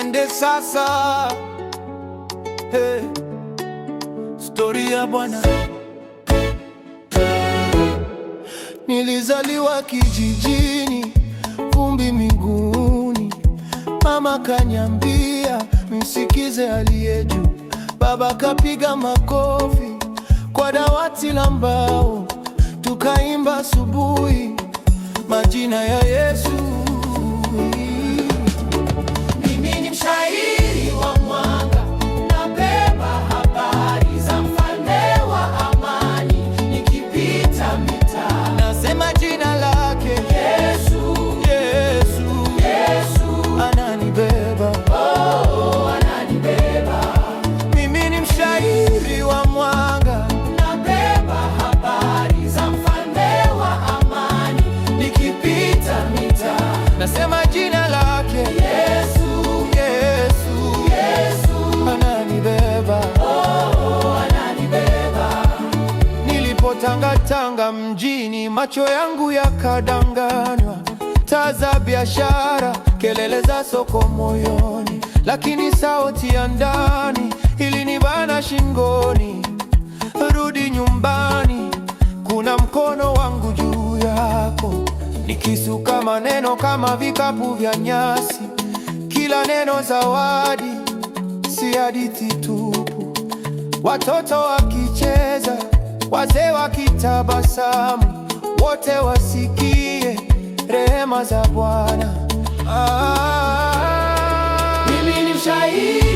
Twende sasa, hey, stori ya Bwana. Nilizaliwa kijijini, vumbi miguuni, mama kanyambia msikize aliye juu, baba kapiga makofi kwa dawati la mbao, tukaimba asubuhi majina ya Yesu jina lake Yesu, Yesu, Yesu ananibeba, oh, ananibeba. Nilipotangatanga mjini macho yangu yakadanganywa, taa za biashara, kelele za soko moyoni, lakini sauti ya ndani ilinibana shingoni, rudi nyumbani, kuna mkono wangu juu yako nikisuka maneno kama vikapu vya nyasi, kila neno zawadi, si hadithi tupu. Watoto wakicheza, wazee wakitabasamu, wote wasikie rehema za Bwana. Ah, ah, ah. mimi ni mshahidi